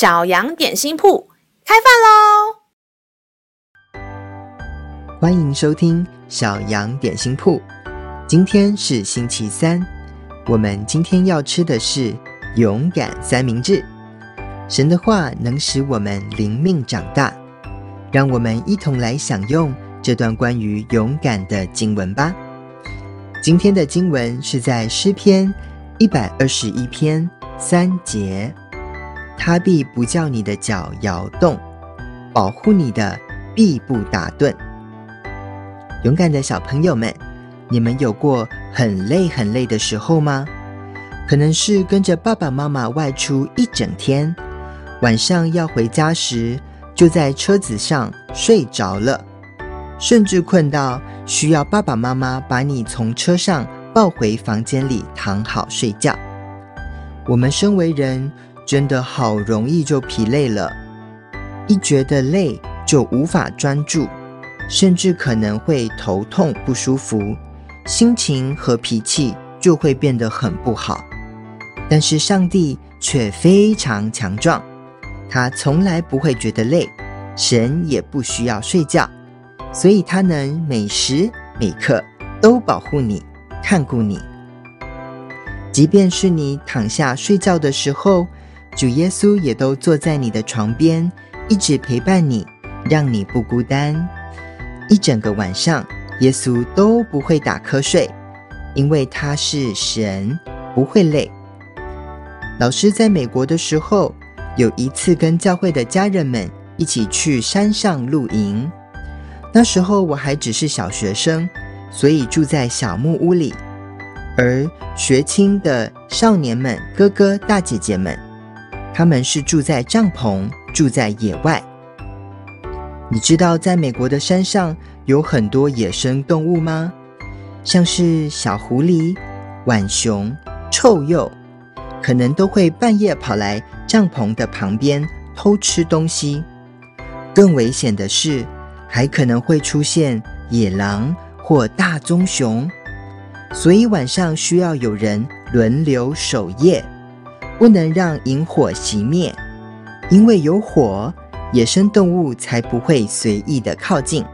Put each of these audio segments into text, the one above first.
小羊點心鋪開飯嘍！歡迎收聽小羊點心鋪。今天是星期三，我們今天要吃的是勇敢三明治。神的話能使我們靈命長大，讓我們一同來享用這段關於勇敢的經文吧。今天的經文是在詩篇一百二十一篇三節。他必不叫你的腳搖動，保護你的必不打盹。勇敢的小朋友們，你們有過很累很累的時候嗎？可能是跟着爸爸媽媽外出一整天，晚上要回家時，就在車子上睡着了，甚至困到需要爸爸媽媽把你從車上抱回房間裡躺好睡覺。我們身為人，真的好容易就疲累了，一覺得累就無法專注，甚至可能會頭痛不舒服，心情和脾氣就會變得很不好。但是上帝卻非常強壯，他從來不會覺得累，神也不需要睡覺，所以他能每時每刻都保護你、看顧你，即便是你躺下睡覺的時候。主耶穌也都坐在你的床邊，一直陪伴你，讓你不孤單。一整個晚上，耶穌都不會打瞌睡，因為他是神，不會累。老師在美國的時候，有一次跟教會的家人們一起去山上露營，那時候我還只是小學生，所以住在小木屋裡，而學青的少年們、哥哥、大姐姐們。他們是住在帳篷，住在野外。你知道，在美國的山上有很多野生動物嗎？像是小狐狸、浣熊、臭鼬，可能都會半夜跑來帳篷的旁邊偷吃東西。更危險的是，還可能會出現野狼或大棕熊，所以晚上需要有人輪流守夜。不能讓營火熄滅，因為有火，野生動物才不會隨意的靠近。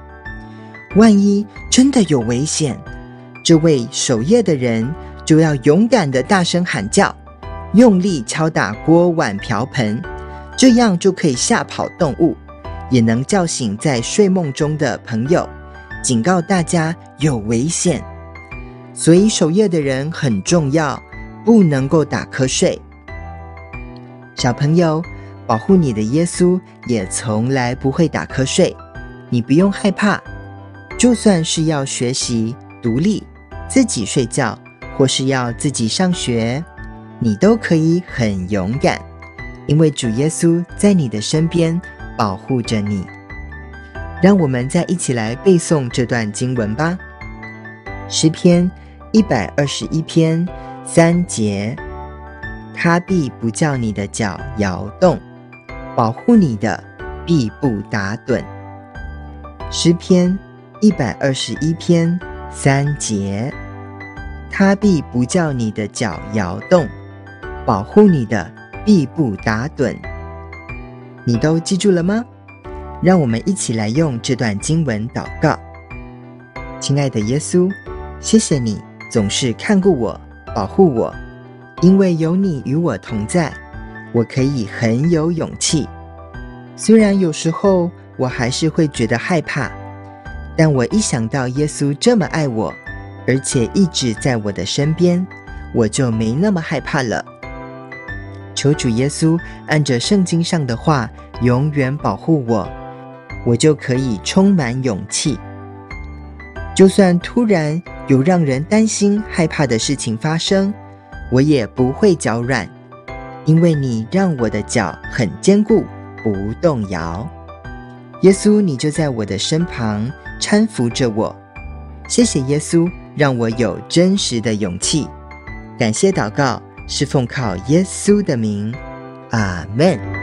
萬一真的有危險，這位守夜的人就要勇敢的大聲喊叫，用力敲打鍋碗瓢盆，這樣就可以嚇跑動物，也能叫醒在睡夢中的朋友，警告大家有危險。所以守夜的人很重要，不能夠打瞌睡。小朋友，保護你的耶穌也從來不會打瞌睡，你不用害怕。就算是要學習獨立、自己睡覺，或是要自己上學，你都可以很勇敢，因為主耶穌在你的身邊保護着你。讓我們再一起來背誦這段經文吧。《詩篇》一百二十一篇三節。他必不叫你的腳搖動，保護你的必不打盹。詩篇一百二十一篇三節：他必不叫你的腳搖動，保護你的必不打盹。你都記住了嗎？讓我們一起來用這段經文禱告。親愛的耶穌，謝謝你，總是看顧我，保護我。因為有你與我同在，我可以很有勇氣。雖然有時候我還是會覺得害怕，但我一想到耶穌這麼愛我，而且一直在我的身邊，我就沒那麼害怕了。求主耶穌按着聖經上的話，永遠保護我，我就可以充滿勇氣。就算突然有讓人擔心害怕的事情發生，我也不會腳軟，因為你讓我的腳很堅固，不動搖。耶穌，你就在我的身旁攙扶着我。謝謝耶穌，讓我有真實的勇氣。感謝禱告，是奉靠耶穌的名，阿門。